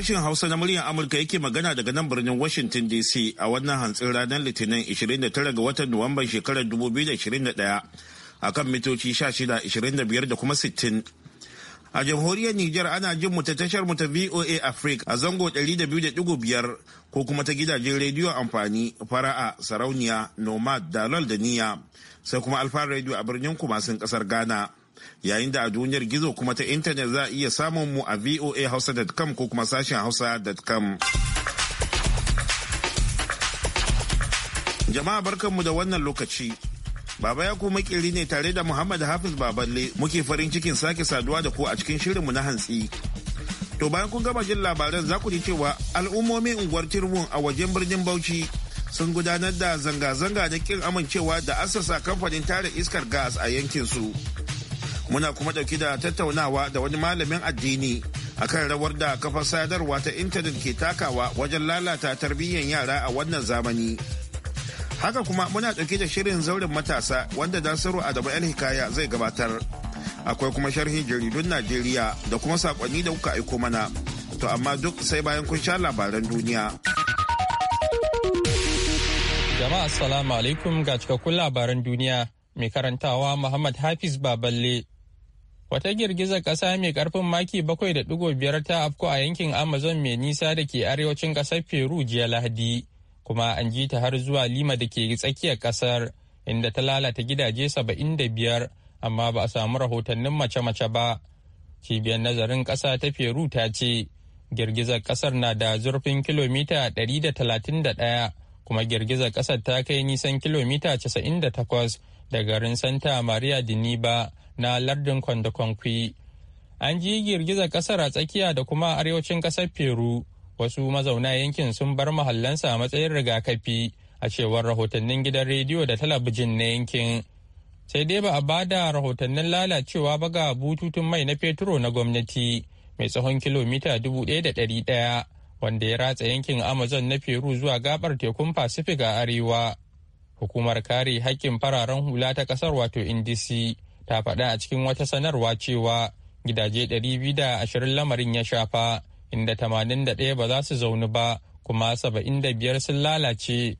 Sashen Hausa na muryar Amurka yake magana daga nan birnin Washington DC a wannan hantsin ranar Litinin 29 ga watan Nuwamban shekarar 2021 a kan mitoci 1625 da kuma 60. A jamhuriyar Nijar ana jin mu ta tashar mu ta VOA Africa a zango 200.5 ko kuma ta gidajen rediyo amfani fara'a sarauniya nomad dalol da niya sai kuma alfa rediyo a birnin kumasin kasar Ghana. yayin da a duniyar gizo kuma ta intanet za a iya samun mu a voahausa.com ko kuma sashen hausa.com. Jama'a barkanmu da wannan lokaci. Baba ya kuma makeri ne tare da Muhammad Hafiz Baballe muke farin cikin sake saduwa da ku a cikin shirinmu na hantsi. To bayan kun gama jin labaran za ku ji cewa al'ummomin unguwar Tirmun a wajen birnin Bauchi sun gudanar da zanga-zanga da kin amincewa da asasa kamfanin tara iskar gas a yankinsu. su. muna kuma dauki da tattaunawa da wani malamin addini akan rawar da kafar sadarwa ta intanet ke takawa wajen lalata tarbiyyar yara a wannan zamani haka kuma muna ɗauki da shirin zauren matasa wanda a da el hikaya zai gabatar akwai kuma sharhin jaridun najeriya da kuma sakonni da kuka aiko mana to amma duk sai bayan kun sha labaran duniya jama'a assalamu alaikum ga cikakkun labaran duniya mai karantawa muhammad hafiz baballe Wata girgizar ƙasa mai ƙarfin maki 7.5 ta afko a yankin Amazon mai nisa da ke arewacin ƙasar Peru jiya Lahadi, kuma an ji ta har zuwa Lima da ke tsakiyar ƙasar, inda ta lalata gidaje 75, amma ba a samu rahotannin mace-mace ba. Cibiyar nazarin ƙasa ta Peru ta ce, girgizar ƙasar na da zurfin kilomita 131, kuma girgizar ƙasar ta kai nisan kilomita 98 da garin Santa Maria de Niba. na lardin kwandakwankwi an ji girgizar kasar a tsakiya da kuma a arewacin kasar peru wasu mazauna yankin sun bar mahallansa a matsayin rigakafi a cewar rahotannin gidan rediyo da talabijin na yankin sai dai ba a ba da rahotannin lalacewa ba ga bututun mai na feturo na gwamnati mai tsawon kilomita dubu da 1,100 wanda ya ratsa yankin amazon na peru zuwa gabar tekun pacific a arewa hukumar kare hakkin fararen hula ta ƙasar wato indisi ta faɗa a cikin wata sanarwa cewa gidaje 220 lamarin ya shafa inda 81 ba za su zaune ba kuma 75 sun lalace.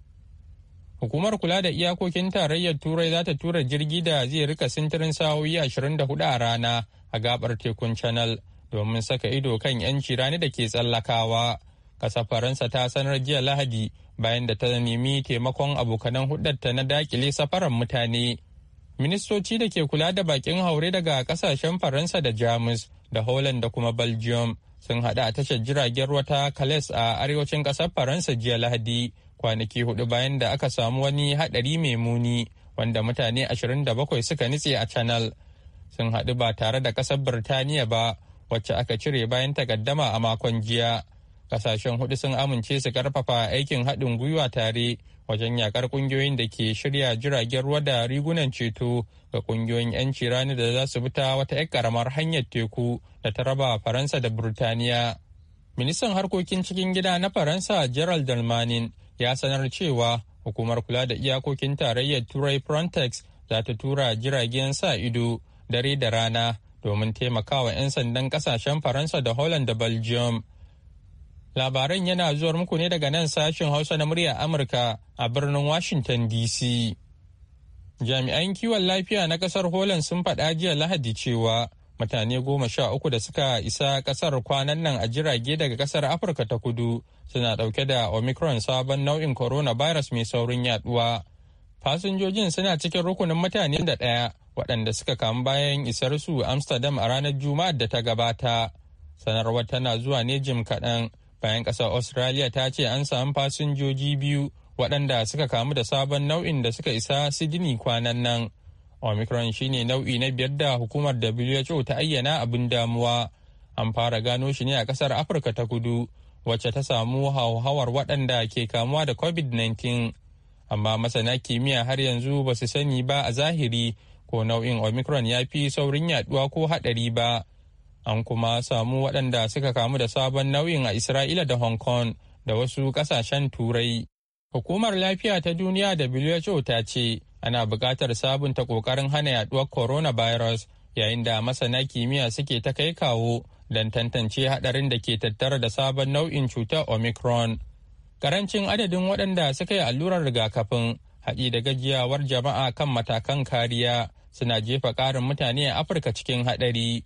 Hukumar kula da iyakokin tarayyar Turai za ta tura jirgi da zai rika sintirin sa'o'i 24 a rana a gabar tekun Channel domin saka ido kan 'yanci rani da ke tsallakawa. Kasa Faransa ta sanar jiya Lahadi bayan da ta nemi taimakon abokanan hudarta na dakile safaran mutane. ministoci da ke kula da bakin haure daga kasashen faransa da jamus da holland da kuma belgium sun hada a tashar jiragen wata ta a arewacin kasar faransa jiya lahadi kwanaki hudu bayan da aka samu wani hadari mai muni wanda mutane 27 suka nitse a canal sun hadu ba tare da kasar birtaniya ba wacce aka cire bayan takaddama a makon jiya kasashen hudu sun amince su karfafa aikin haɗin gwiwa tare wajen yakar kungiyoyin da ke shirya jiragen ruwa da rigunan ceto ga kungiyoyin 'yanci rani da za su fita wata 'yan karamar hanyar teku da ta raba faransa da burtaniya ministan harkokin cikin gida na faransa gerald dalmanin ya sanar cewa hukumar kula da iyakokin tarayyar turai frontex za ta tura jiragen sa ido dare da rana domin taimakawa 'yan sandan kasashen faransa da holland da belgium Labaran yana zuwa muku ne daga nan sashen Hausa na murya Amurka a birnin Washington DC. Jami'an kiwon lafiya na kasar Holland sun faɗa jiya Lahadi cewa mutane goma sha uku da suka isa kasar kwanan nan a jirage daga kasar Afirka ta kudu suna ɗauke da Omicron sabon nau'in coronavirus mai saurin yaduwa. Fasinjojin suna cikin rukunin mutane da ɗaya waɗanda suka kamu bayan isar su Amsterdam a ranar Juma'ar da ta gabata. Sanarwar tana zuwa ne jim kaɗan bayan ƙasar australia ta ce an samu fasinjoji biyu waɗanda suka kamu da sabon nau'in da suka isa sydney kwanan nan omicron shine nau'i na biyar da hukumar who ta ayyana abin damuwa an fara gano shi ne a ƙasar afirka ta kudu wacce ta samu hauhawar waɗanda ke kamuwa da covid-19 amma masana kimiyya har yanzu ba su sani ba a zahiri ko nau'in omicron ya fi saurin yaduwa ko haɗari ba an kuma samu waɗanda suka kamu da sabon nauyin a isra'ila da hong kong da wasu ƙasashen turai hukumar lafiya ta duniya da who ta ce ana buƙatar sabunta ƙoƙarin hana yaɗuwar coronavirus yayin da masana kimiyya suke ta kai kawo don tantance haɗarin da ke tattara da sabon nau'in cutar omicron karancin adadin waɗanda suka yi allurar rigakafin haɗi da gajiyawar jama'a kan matakan kariya suna jefa ƙarin mutane a afirka cikin haɗari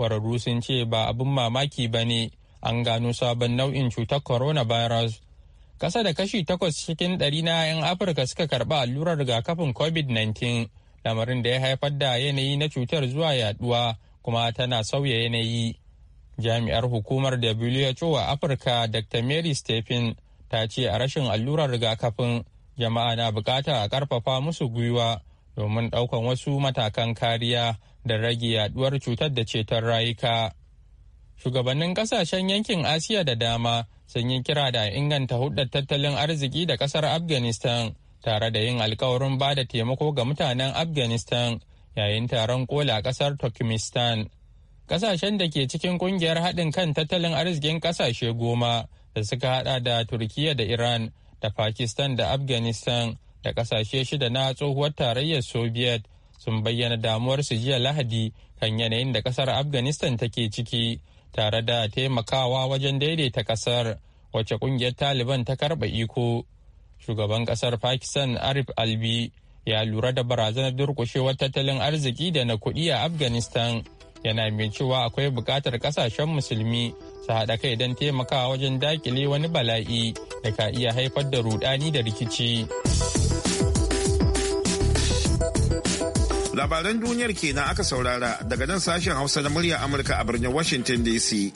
kwararru sun ce ba abin mamaki ba ne an gano sabon nau'in cutar coronavirus kasa da kashi takwas cikin ɗari na 'yan afirka suka karɓi allurar rigakafin covid-19 lamarin da ya haifar da yanayi na cutar zuwa yaduwa kuma tana sauya yanayi jami'ar hukumar who a afirka dr mary stephen ta ce a rashin allurar rigakafin jama'a na bukata a karfafa musu gwiwa domin ɗaukan wasu matakan kariya da rage yaduwar cutar da ceton rayuka. Shugabannin ƙasashen yankin Asiya da dama sun yi kira da inganta hudar tattalin arziki da ƙasar Afghanistan tare da yin alkawarin ba da taimako ga mutanen Afghanistan yayin taron kola ƙasar Turkmenistan. Ƙasashen da ke cikin ƙungiyar haɗin kan tattalin arzikin ƙasashe goma da suka haɗa da Turkiyya da Iran da Pakistan da Afghanistan da kasashe shida na tsohuwar tarayyar soviet sun bayyana damuwarsu jiya lahadi kan yanayin da kasar afghanistan take ciki tare da taimakawa wajen daidaita kasar wacce kungiyar taliban ta karba iko shugaban kasar pakistan arif albi ya lura da barazanar durƙushewar tattalin arziki da na kuɗi a afghanistan yana mai cewa akwai buƙatar ƙasashen musulmi su haɗa kai don taimakawa wajen dakile wani bala'i da ka iya haifar da rudani da rikici. Labaran duniyar kenan aka saurara daga nan sashen Hausa na murya Amurka a birnin Washington DC.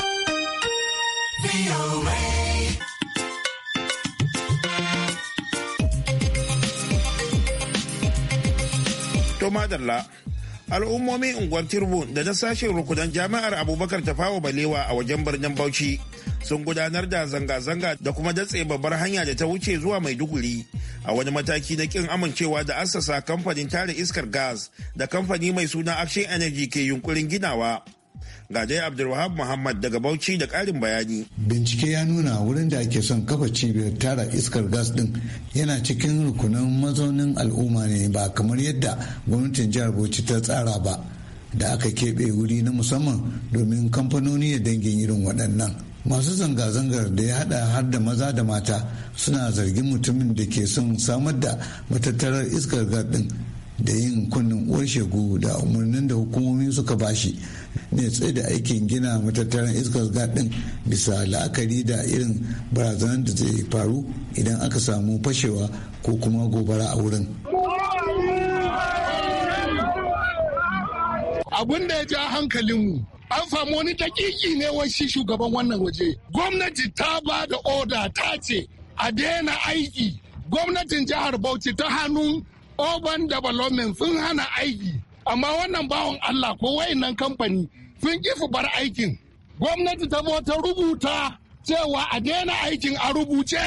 To madalla al'ummomin unguwar tirbu da na sashen rukunan jami'ar abubakar tafawa balewa a wajen birnin bauchi sun gudanar da zanga-zanga da kuma datse babbar hanya da ta wuce zuwa maiduguri a wani mataki na kin amincewa da assasa kamfanin tare iskar gas da kamfani mai suna action energy ke yunkurin ginawa ga dai abdulwahab muhammad daga bauchi da karin bayani bincike ya nuna wurin da ake son kafa cibiyar tara iskar gas din yana cikin rukunin mazaunin al'umma ne ba kamar yadda gwamnatin jihar bauchi ta tsara ba da aka keɓe wuri na musamman domin kamfanoni da dangin irin waɗannan masu zanga-zangar da ya haɗa har da maza da mata suna zargin mutumin da ke son samar da matattarar iskar gas din da yin kunnen uwar shegu da umarnin da hukumomi suka bashi ne tsaye da aikin gina matattaran iskar gadin bisa la'akari da irin barazanar da zai faru idan aka samu fashewa ko kuma gobara a wurin abin da ya ja hankalinmu an samu wani dakiki ne wasu shugaban wannan waje gwamnati ta ba da oda ta ce a daina aiki gwamnatin jihar bauchi ta hannun urban development sun hana aiki amma wannan bawan allah ko wayannan kamfani sun kifi bar aikin gwamnati ta zo ta rubuta cewa a daina aikin a rubuce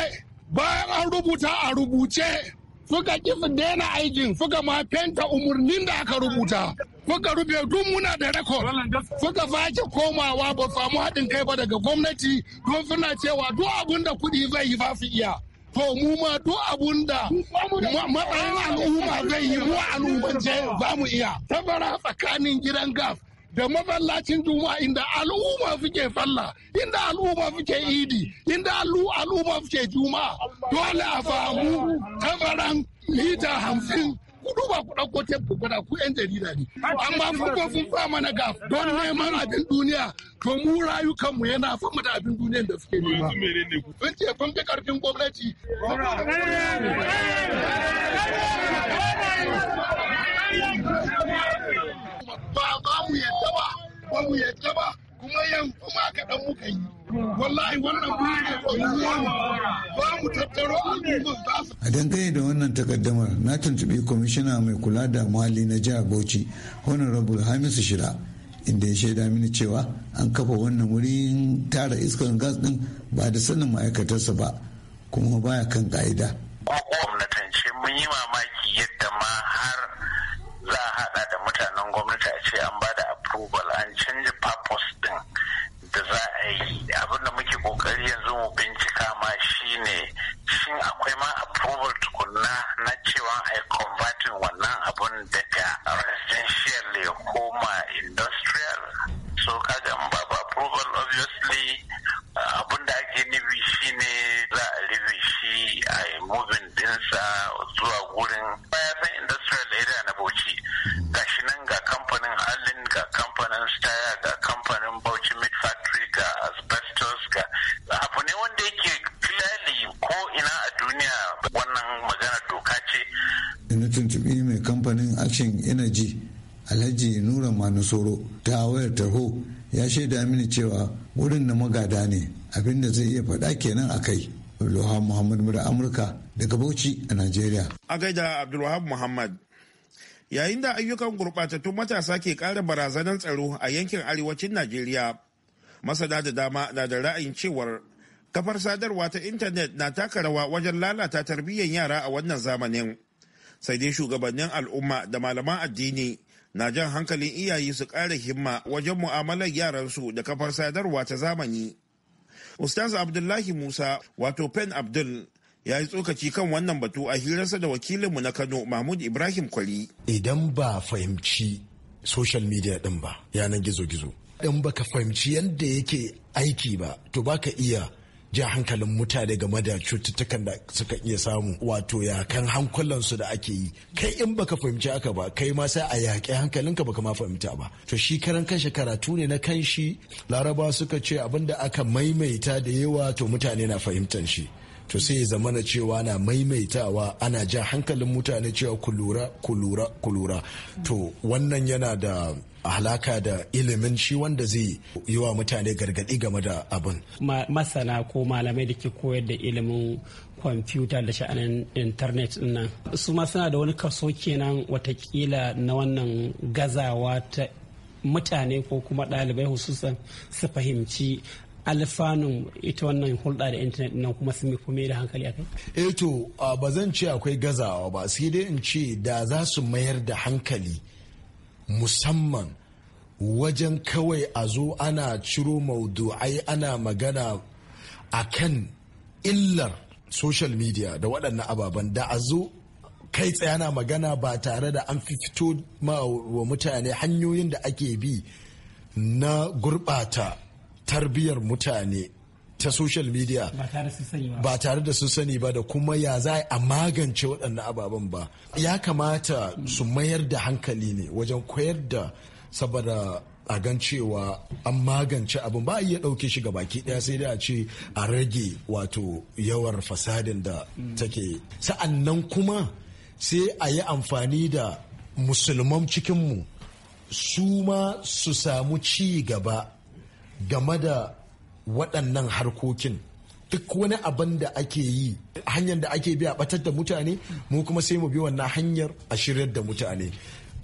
bayan an rubuta a rubuce suka kifi daina aikin suka ma fenta umarnin da aka rubuta suka rufe duk muna da rekod suka sake komawa ba samu haɗin kai ba daga gwamnati don suna cewa duk abinda da kuɗi zai yi ba su iya to mu ma duk abun da matsayin al'umma zai yi mu al'ummance za mu iya tabara tsakanin gidan gas da masallacin juma'a inda al'umma fike falla inda al'umma fike idi inda al'umma fike juma'a dole a samu tabaran mita hamsin kudu ba ku ɗauko tef ku gwada ku 'yan jarida ne. Amma ku ko kun fa mana ga. don neman abin duniya to mu rayukanmu yana fa mu da abin duniyan da suke nema. Sun ce kun fi karfin gwamnati. Ba ba mu yadda ba. a dangane da wannan takaddamar na tuntubi kwamishina mai kula da muhalli na jihar bauchi honorable hamisu shira inda ya shaida mini cewa an kafa wannan wurin tara iskar gas din ba da sanin ma'aikatarsa ba kuma baya kan ka'ida. gwamnatance mun yi mamaki yadda ma har za a hada da mutanen gwamnati a ce an ba da approval an canja purpose da za a yi abin da muke kokari yanzu mu bincika ma shine shin akwai ma approval tukunna na cewa a yi converting wannan abun daga residential ya koma industrial so kaga ba ba approval obviously abun da ake nufi ne za a rufe shi a yi moving dinsa zuwa gurin bayan industrial area kwamishin energy alhaji nura manusoro ta wayar taho ya shaida mini cewa wurin na magada ne abinda zai iya faɗa kenan a kai Abdulwahab Muhammad mura Amurka daga Bauchi a Najeriya. A gaida Abdulwahab Muhammad. Yayin da ayyukan gurɓatattun matasa ke ƙara barazanar tsaro a yankin arewacin Najeriya, masana da dama na da ra'ayin cewar kafar sadarwa ta intanet na taka rawa wajen lalata tarbiyyar yara a wannan zamanin. sai dai shugabannin al'umma da malaman addini na jan hankalin iyaye su ƙara himma wajen mu'amalar yaransu da kafar sadarwa ta zamani. Ustaz Abdullahi Musa wato Pen Abdul ya yi tsokaci kan wannan batu a hirarsa da wakilinmu na Kano Mahmud Ibrahim Kwari. Idan ba fahimci social media din ba yanar gizo-gizo. Idan baka fahimci yadda yake aiki ba to baka iya ja hankalin mutane game da cututtukan da suka iya samu wato ya kan hankulansu da ake yi kai in baka fahimci haka ba kai ma sai a yaƙi hankalinka baka ma fahimta ba to shi karan kanshi karatu ne na kanshi laraba suka ce abinda aka maimaita da yawa to mutane na fahimtan shi to sai zama na cewa na maimaitawa ana ja hankalin mutane cewa kulura kulura kulura. to wannan yana da alaka da ilimin shi wanda zai yi wa mutane gargadi game da abin. Masana ko malamai da ke koyar da ilimin kwamfuta da sha'anin intanet nan su ma suna da wani kaso kenan watakila na wannan gazawa ta mutane ko kuma ɗalibai hususan su fahimci alfanun ita wannan hulɗa da intanet nan kuma sun kuma da hankali a kai? eh to ba zan ce akwai gazawa ba sai dai in ce da za su mayar da hankali musamman wajen kawai a zo ana ciro maudu'ai ana magana a kan illar social media da waɗannan ababen da a zo kai tsaye ana magana ba tare da an fito wa mutane hanyoyin da ake bi na gurɓata tarbiyyar mutane ta social media ba tare da sun sani ba da kuma ya za a magance waɗannan ababen ba ya kamata su mayar da hankali ne wajen koyar da saboda a gan cewa an magance abin ba a iya ɗauke shi baki ɗaya sai dai a ce a rage wato yawar fasadin da take sa'an nan kuma sai a yi amfani da musulman cikinmu su ma su samu ci gaba game da waɗannan harkokin duk wani abin da ake yi hanyar da ake biya batar da mutane mu kuma sai mu bi wannan hanyar a shiryar da mutane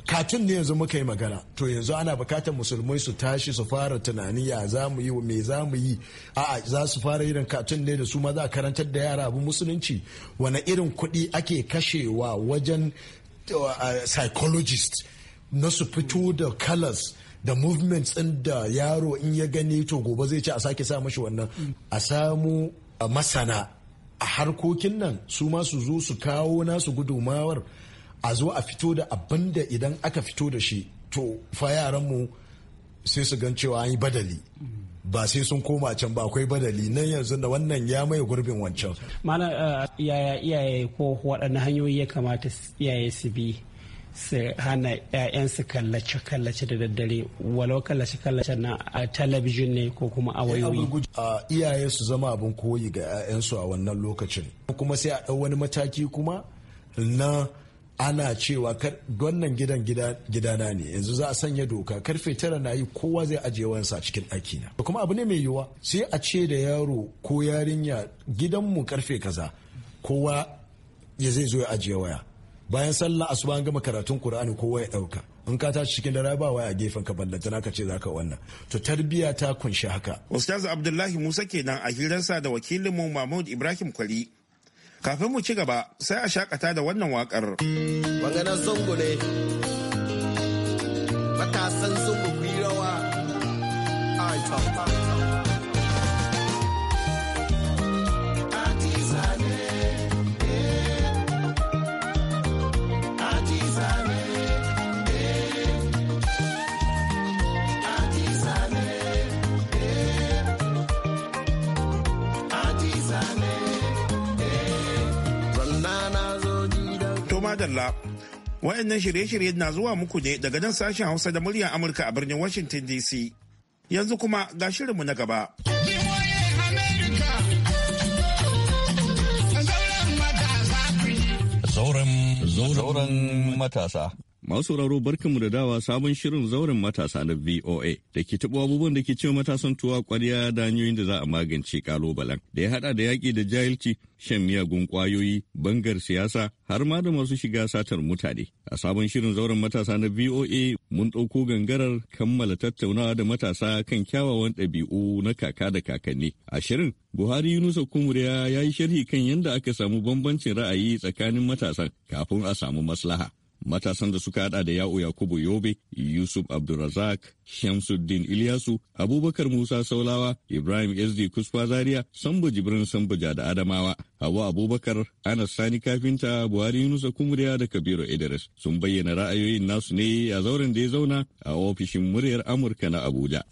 katun ne yanzu muka yi magana to yanzu ana bukatar musulmai su tashi su fara tunani ya za mu yi me za mu yi a'a za su fara irin katun ne da su ma za karantar da yara abu musulunci wani irin kuɗi ake kashewa wajen uh, psychologist na su fito da colors da movement ɗin da yaro in ya gani to gobe zai ci a sake sa mashi wannan a samu masana a harkokin nan su ma su zo su kawo nasu gudumawar a zo a fito da abin da idan aka fito da shi to fa mu sai su gan cewa an yi badali ba sai sun koma can ba akwai badali nan yanzu da wannan ya mai gurbin wancan. mana eh, iyaye ko waɗanne hanyoyi ya kamata iyaye su bi su hana 'ya'yansu kallace-kallace da daddare walau kallace-kallace na a talabijin ne ko kuma a eh, wayoyi. a iyaye su zama abin koyi ga 'ya'yansu a wannan lokacin kuma sai a ɗau wani mataki kuma na ana cewa wannan gidan gidana ne yanzu za a sanya doka karfe tara na yi kowa zai ajiye wansa cikin ɗaki na kuma abu ne mai yiwuwa sai a ce da yaro ko yarinya gidanmu karfe kaza kowa ya zai zo ya ajiye waya bayan sallah asuba an gama karatun qur'ani kowa ya dauka in ka tashi cikin dare ba waya gefen ka ballanta naka ce zaka wannan to tarbiya ta kunshi haka ustaz abdullahi musa kenan a hirar sa da wakilin mu mahmud ibrahim kwali kafin mu ci gaba sai a shakata da wannan wakar maganar zango ne matasan zango ku rawa a madalla. wa'annan shirye-shirye na zuwa muku ne daga nan sashen Hausa da muryar Amurka a birnin Washington DC. Yanzu kuma ga shirinmu na gaba. Zauren matasa. Masu sauraro barkanmu da dawa sabon shirin zauren matasa na VOA da ke tabo abubuwan da ke cewa matasan tuwa kwariya da hanyoyin da za a magance ƙalubalen da ya haɗa da yaƙi da jahilci, shan miyagun kwayoyi bangar siyasa har ma da masu shiga satar mutane. A sabon shirin zauren matasa na VOA mun ɗauko gangarar kammala tattaunawa da matasa kan kyawawan ɗabi'u na kaka da kakanni. A shirin Buhari Yunusa Kumuriya ya yi sharhi kan yadda aka samu bambancin ra'ayi tsakanin matasan kafin a samu maslaha. matasan da suka hada da ya'u yakubu yobe yusuf abdulrazak shamsuddin ilyasu abubakar musa saulawa ibrahim sd kusfa zaria sambo jibrin sambuja da adamawa hawa abubakar anas sani kafinta buhari yunusa kumuriya da kabiru idris sun bayyana ra'ayoyin nasu ne a zauren da ya zauna a ofishin muryar amurka na abuja.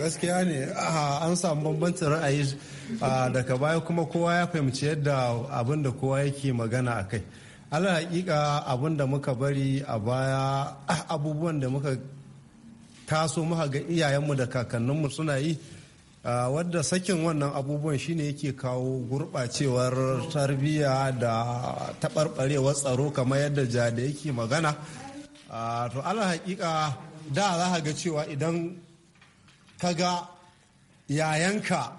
gaskiya ne an samu bambancin ra'ayi daga baya kuma kowa ya fahimci yadda abin da kowa yake magana a kai ala hakika abin da muka bari a baya ah, abubuwan da muka taso muka ga iyayenmu da kakanninmu suna yi wadda sakin wannan abubuwan shine yake kawo gurɓacewar tarbiyya da taɓarɓarewar tsaro kamar yadda ja yake magana to ala hakika da za ga cewa idan kaga yayanka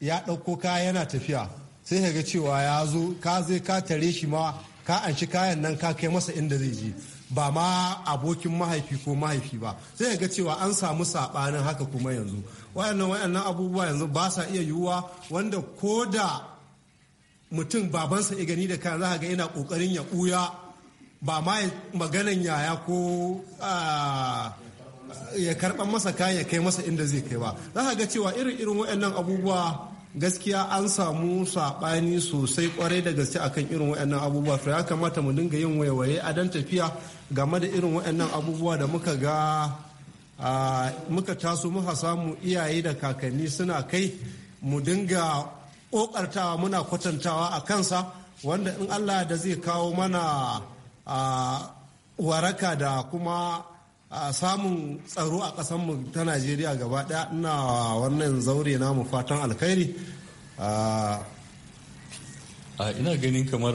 ya ɗauko kaya yana tafiya sai ka ga cewa ya zo ka zai ka tare shi ma ka anshi kayan nan ka kai masa inda zai je ba ma abokin mahaifi ko mahaifi ba sai ka ga cewa an samu sabanin haka kuma yanzu wayannan wayannan abubuwa yanzu ba sa iya yiwuwa wanda ko da mutum babansa ya gani da kan za ga yana kokarin ya buya ba ma maganan yaya ko ah, ya karɓar masa kayan ya kai masa inda zai kai ba za ka ga cewa irin irin waɗannan abubuwa gaskiya an samu saɓani sosai kwarai da gaske akan irin waɗannan abubuwa ya kamata mu dinga yin waiwaye a dan tafiya game da irin waɗannan abubuwa da muka ga muka taso muka samu iyaye da kakanni suna kai mu dinga ƙoƙartawa muna kwatantawa a kansa wanda in allah da zai kawo mana waraka da kuma a samun tsaro a ƙasanmu ta najeriya gaba ɗaya ina wannan zaure namu fatan alkhairi a ina ganin kamar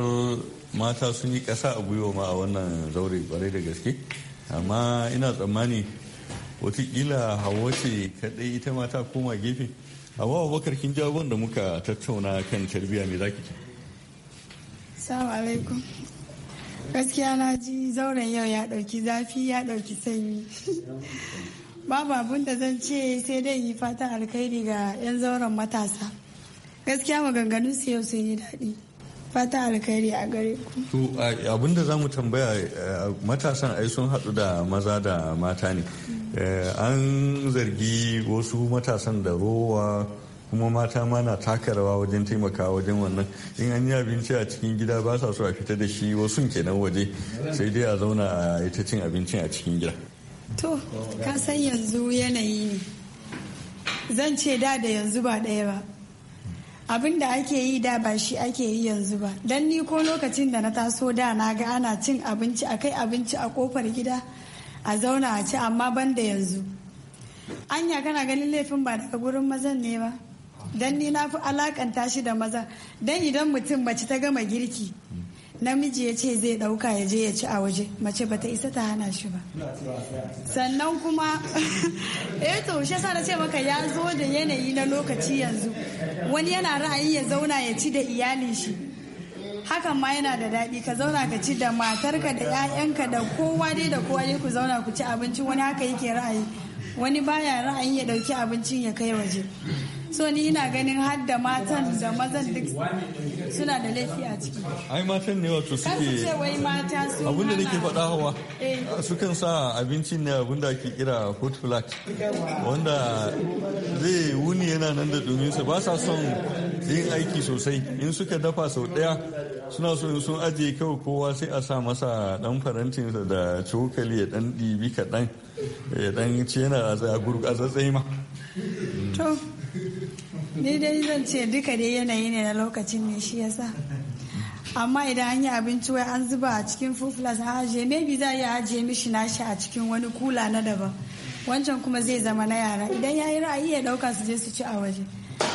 mata sun yi ƙasa a gwiwa ma a wannan zaure bare da gaske amma ina tsammani watakila hawa ce kaɗai ita mata koma gefe hawa bakar kin jagon da muka tattauna kan tarbiyya me zaki salamu Gaskiya na ji zauren yau ya ɗauki zafi ya ɗauki sanyi. Babu abin da zan ce sai dai yi fatan alkhairi ga 'yan zauren matasa. Gaskiya maganganun su yau sun yi daɗi. Fatan alkhairi a gare ku. Abin da za mu tambaya eh, matasan ai sun haɗu da maza da mata ne. Mm. Eh, an zargi wasu matasan da rowa kuma mata ma na taka rawa wajen taimakawa wajen wannan in an yi abinci a cikin gida ba sa so a fita da shi wasu kenan waje sai dai a zauna a ita cin abincin a cikin gida to ka san yanzu yanayi ne zan ce da da yanzu ba ɗaya ba abin da ake yi da ba shi ake yi yanzu ba dan ni ko lokacin da na taso da na ga ana cin abinci a kai abinci a kofar gida a zauna a ci amma ban da yanzu anya kana ganin laifin ba daga gurin mazan ne ba dan ni na fi alakanta shi da maza dan idan mutum mace ta gama girki namiji ya ce zai dauka ya je ya ci a waje mace ba ta isa ta hana shi ba sannan kuma eh to shi yasa na ce maka ya zo da yanayi na lokaci yanzu wani yana ra'ayi ya zauna ya ci da iyali shi hakan ma yana da daɗi ka zauna ka ci da matarka da ƴaƴanka da kowa dai da kowa ku zauna ku ci abinci wani haka yake ra'ayi wani baya ra'ayin ya ɗauki abincin ya kai waje so ni ina ganin har da matan da mazan duk suna da laifi a ciki ai matan ne wato suke ke ke abinda nake faɗa hawa eh. sukan sa abinci ne abinda ke kira hot flat wanda zai wuni yana nan da domin su ba sa son yin aiki sosai in suka dafa sau daya suna so in sun ajiye kawai kowa sai a sa masa dan farantinsa da cokali ya dan ɗibi kaɗan ya dan ci yana a gurgu ni dai zan ce duka dai yanayi ne na lokacin ne shi yasa amma idan an yi abinci wai an zuba a cikin fufulas a ajiye maybe za a iya ajiye mishi nashi a cikin wani kula na daban wancan kuma zai zama na yara idan ya yi ra'ayi ya dauka su je su ci a waje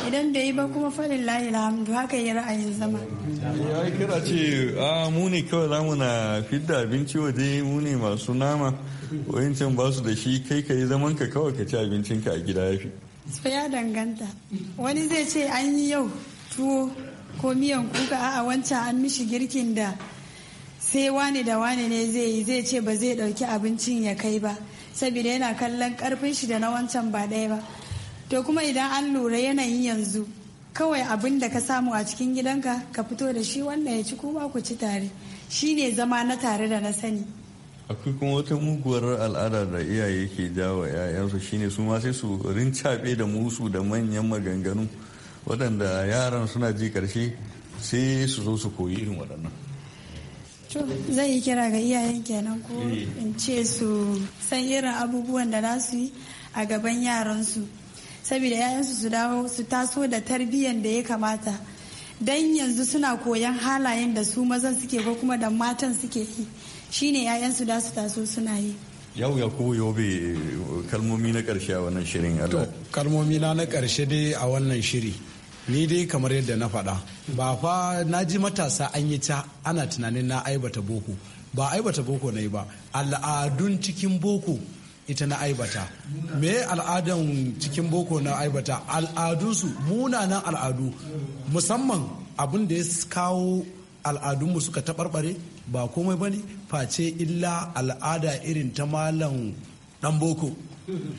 idan da yi ba kuma falin lahi lahamdu haka yi ra'ayin zama ya yi kira ce a muni kawai zamu na fidda abinci waje muni masu nama wayancan ba su da shi kai ka yi zaman ka kawai ka ci abincin ka a gida ya fi so ya danganta wani zai ce an yi yau tuwo ko miyan kuka a wancan an mishi girkin da sai wane da wane ne zai yi zai ce ba zai dauki abincin ya kai ba saboda yana kallon karfin shi da na wancan ba ɗaya ba to kuma idan an lura yanayin yanzu kawai abin da ka samu a cikin gidanka ka fito da shi wanda ya ci kuma ku ci tare shine zama na tare da na sani akwai kuma wata muguwar al'ada da iyaye ke jawa 'ya'yansu shine su ma sai su rincaɓe da musu da manyan maganganu waɗanda yaran suna ji karshe sai su zo su koyi irin waɗannan zai yi kira ga iyayen kenan ko eh. in ce su san irin abubuwan da za su yi a gaban yaransu saboda 'ya'yansu su dawo su taso da tarbiyyar da ya kamata don yanzu suna koyan halayen da su mazan suke ko kuma da matan suke yi Shi shine 'ya'yansu da su taso suna yi yau ya ko yobe kalmomi na karshe a wannan shirin to kalmomi na na karshe dai a wannan shiri ni dai kamar yadda na faɗa ba fa na ji matasa an yi ta ana tunanin na aibata boko ba aibata boko na yi ba al'adun cikin boko ita na aibata me al'adan cikin boko na aibata al'adunsu munanan al'adu musamman abin da ya kawo al'adunmu suka taɓarɓare ba komai ba bane face illa al'ada irin ta malam dan boko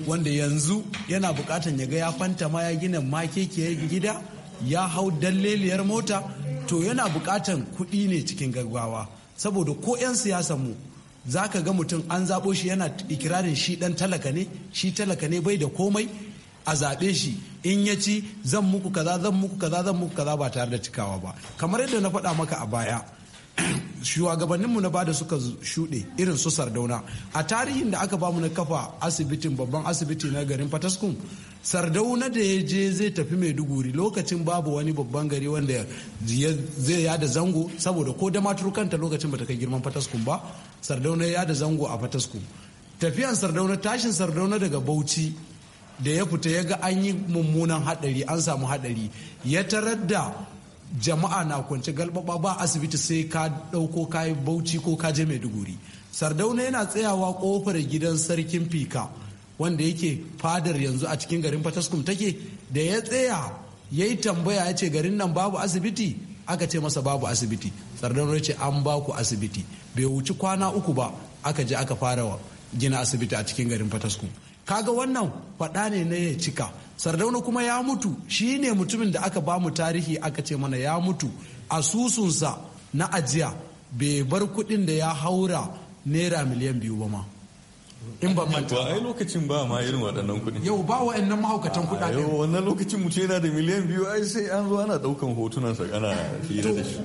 wanda yanzu yana bukatan ya ga ya fanta ma ya gina makekiyar gida ya hau dalleliyar mota to yana bukatan kuɗi ne cikin gaggawa saboda ko 'yan siyasan mu za ka ga mutum an zaɓo shi yana ikirarin shi ɗan talaka ne shi talaka ne bai da komai a zaɓe shi in ya ci zan muku kaza zan muku kaza zan muku kaza ba tare da cikawa ba kamar yadda na faɗa maka a baya shugabanninmu na bada suka shuɗe irin su sardauna a tarihin da aka bamu na kafa asibitin babban asibiti na garin fataskun sardauna da ya je zai tafi maiduguri lokacin babu wani babban gari wanda zai yada zango saboda ko da kanta lokacin bata kai girman fataskun ba sardauna ya yada zango a fataskun tafiyan sardauna tashin sardauna daga bauchi da ya fita ya ga an yi mummunan haɗari an samu haɗari ya tarar da jama'a na kwance galbaba ba asibiti sai ka dauko ka yi bauchi ko ka je maiduguri sardauna yana tsayawa kofar gidan sarkin fika wanda yake fadar yanzu a cikin garin fataskum take da ya tsaya ya yi tambaya ya ce garin nan babu asibiti aka ce masa babu asibiti sardauna ce an ba ku asibiti bai wuci kwana uku ba aka je aka fara gina asibiti a cikin garin fataskum kaga wannan faɗa ne na ya cika sardauna kuma ya mutu shi ne mutumin da aka ba mu tarihi aka ce mana ya mutu asusunsa na ajiya bai bar kudin da ya haura naira miliyan biyu ba ma in ban manta ba ai lokacin ba ma irin waɗannan kuɗi yau ba waɗannan mahaukatan kuɗaɗen yau wannan lokacin mu ce yana da miliyan biyu ai sai an zo ana ɗaukan hotunan sa kana hira da shi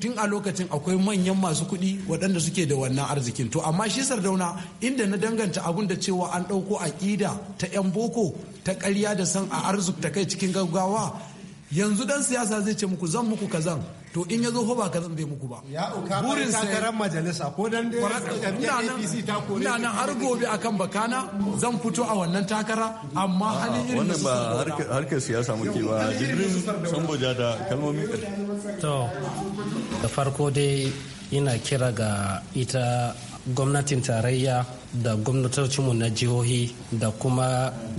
tun a lokacin akwai manyan masu kuɗi waɗanda suke da wannan arzikin to amma shi sardauna inda na danganta abun da cewa an ɗauko aƙida ta yan boko ta ƙarya da san a arzik ta kai cikin gaggawa yanzu dan siyasa zai ce muku zan muku kazan to in ya zo ho ba ka zan zai muku ba burin sa karan majalisa ko dan da APC ta kore ina nan har gobe akan bakana zan fito a wannan takara amma halin irin wannan ba harkar siyasa muke ba jibrin samboja da kalmomi to da farko dai ina kira ga ita gwamnatin tarayya da gwamnatocinmu na jihohi da kuma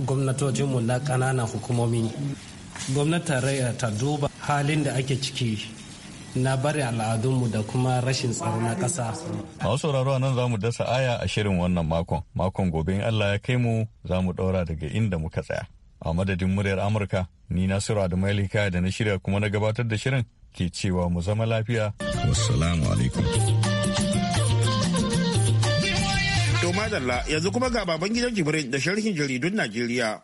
gwamnatocinmu na ƙananan hukumomi gwamnatin tarayya ta duba halin da ake ciki na bari al'adunmu da kuma rashin tsaro na ƙasa. Masu sauraro a nan za mu dasa aya a shirin wannan makon. Makon gobe in Allah ya kai mu za mu ɗaura daga inda muka tsaya. A madadin muryar Amurka, ni Nasiru Adamu kaya da na shirya kuma na gabatar da shirin ke cewa mu zama lafiya. Wassalamu alaikum. To madalla yanzu kuma ga baban gidan Jibrin da sharhin jaridun Najeriya.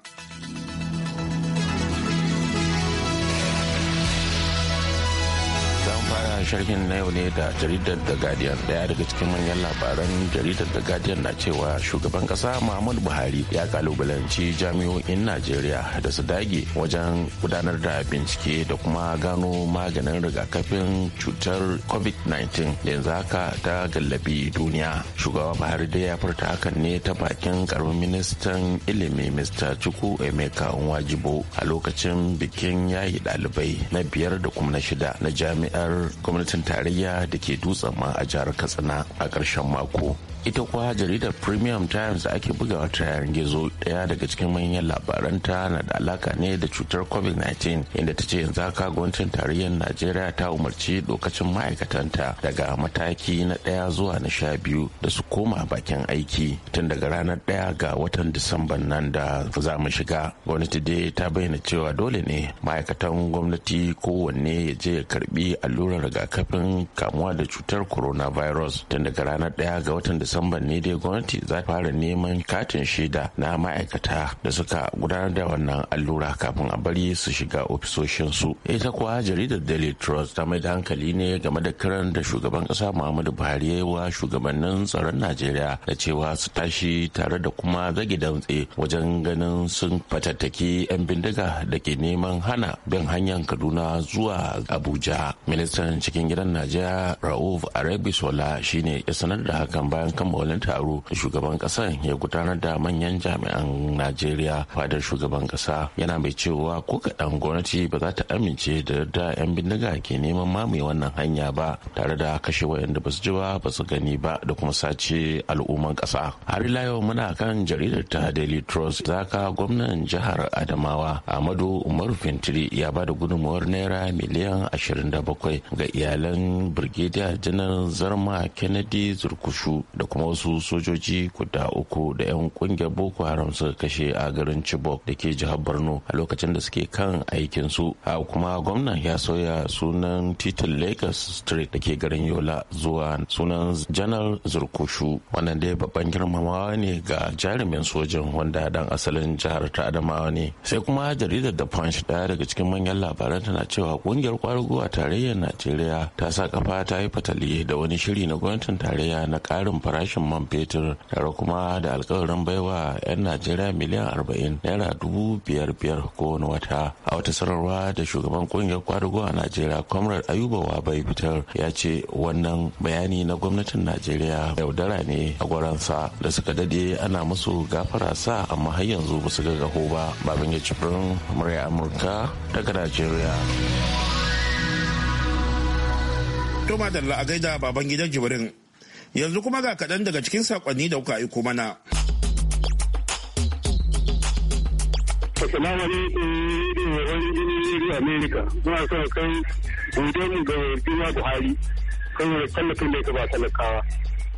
a sharhin na yau ne da jaridar The Guardian. Daya daga cikin manyan labaran jaridar The Guardian na cewa shugaban kasa Muhammadu Buhari ya kalubalanci jami'o'in Najeriya da su dage wajen gudanar da bincike da kuma gano maganin rigakafin cutar COVID-19 yanzu haka ta gallabi duniya. Shugaba Buhari dai ya furta hakan ne ta bakin karamin ministan ilimi Mr. Chukwu Emeka wajibo a lokacin bikin yayi dalibai na biyar da kuma na shida na jami'ar gwamnatin tarayya da ke dutsen ma a jihar katsina a ƙarshen mako ita kuwa jaridar premium times da ake buga wata yaran gizo daya daga cikin manyan labaranta na da alaka ne da cutar covid-19 inda ta ce yanzu haka gwamnatin tarayyar najeriya ta umarci lokacin ma'aikatanta daga mataki na daya zuwa na sha biyu da su koma bakin aiki tun daga ranar daya ga watan disamban nan da za mu shiga gwamnati dai ta bayyana cewa dole ne ma'aikatan gwamnati kowanne ya je ya karbi allurar rigakafin kamuwa da cutar coronavirus tun daga ranar daya ga watan disamba ne dai gwamnati za fara neman katin shaida na ma'aikata da suka gudanar da wannan allura kafin a bari su shiga ofisoshinsu ita kuwa jaridar daily trust ta mai da hankali ne game da kiran da shugaban ƙasa muhammadu buhari ya yi wa shugabannin tsaron najeriya da cewa su tashi tare da kuma zage dantse wajen ganin sun fatattaki 'yan bindiga da ke neman hana bin hanyar kaduna zuwa abuja ministan cikin gidan najeriya rauf arabisola shine ya sanar da hakan bayan wani taro da shugaban ƙasar ya gudanar da manyan jami'an najeriya fadar shugaban kasa yana mai cewa ko kaɗan gwamnati ba za ta amince da yadda 'yan bindiga ke neman mamaye wannan hanya ba tare da kashe waɗanda ba su ji ba su gani ba da kuma sace al'umman ƙasa har ila yau muna kan jaridar ta daily trust zaka gwamnan jihar adamawa amadu umar fintiri ya ba da gudunmuwar naira miliyan 27 ga iyalan birgidiyar janar zarma kennedy zurkushu da kuma wasu sojoji guda uku da 'yan kungiyar boko haram suka kashe a garin chibok da ke jihar borno a lokacin da suke kan aikin su kuma gwamnan ya soya sunan titin lagos street da ke garin yola zuwa sunan janar zurkushu wannan dai babban girmamawa ne ga jarumin sojin wanda dan asalin jihar ta adamawa ne sai kuma jaridar da punch daya daga cikin manyan labaran tana cewa kungiyar kwarugowa a tarayyar najeriya ta sa kafa ta yi fatali da wani shiri na gwamnatin tarayya na karin farashi farashin man fetur tare kuma da alkawarin baiwa 'yan najeriya miliyan 40 naira dubu biyar biyar kowane wata a wata sanarwa da shugaban kungiyar kwadugo a najeriya comrade ayuba wabai fitar ya ce wannan bayani na gwamnatin najeriya yaudara ne a gwaransa da suka dade ana musu gafara sa amma har yanzu ba su ga gaho ba babin ya cifirin murya amurka daga najeriya To da la'agai da baban gidan jibirin yanzu kuma ga kaɗan daga cikin sakonni da kuka aiko mana. Assalamu alaikum wani Amerika muna son kai godon mu ga Juma Buhari saboda tallafin da ya ba talakawa.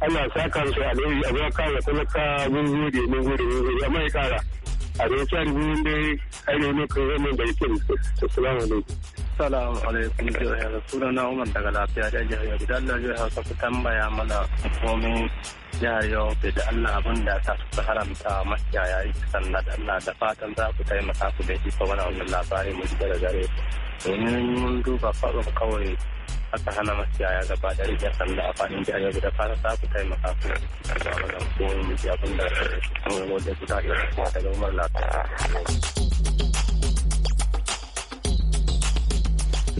Allah sa ka su alheri a zuwa kare talaka mun gode mun gode mun gode amma ya kara. A da ya kyari ne dai ainihin kan yi da yake da Assalamu alaikum. Assalamu alaikum jihohiyar suna na umar daga lafiya da jihohiyar da Allah jihohiyar ku tambaya mana hukumomin jihar yau da Allah abin da ta su haramta makiyaya sannan da Allah da fatan za ku taimaka ku da shi fa wani wannan labari mu ji da gare domin mun duba kawai aka hana makiyaya gaba da rike sanda a fadin jihar yau da fatan za ku taimaka ku da wannan hukumomin mu ji abin da mun gode ku da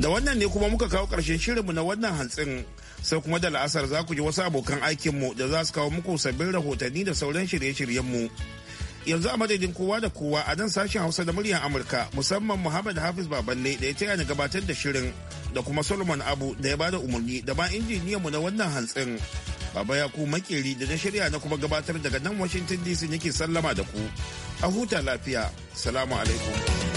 da wannan ne kuma muka kawo ƙarshen shirinmu na wannan hantsin sai kuma da la'asar za ku ji wasu abokan aikinmu da za su kawo muku sabbin rahotanni da sauran shirye-shiryenmu yanzu a madadin kowa da kowa a nan sashen hausa da muryar amurka musamman muhammad hafiz babanne da ya taya ni gabatar da shirin da kuma solomon abu da ya bada umarni da ma injiniyanmu na wannan hantsin baba ya ku makeri da na shirya na kuma gabatar daga nan washington dc nake sallama da ku a huta lafiya salamu alaikum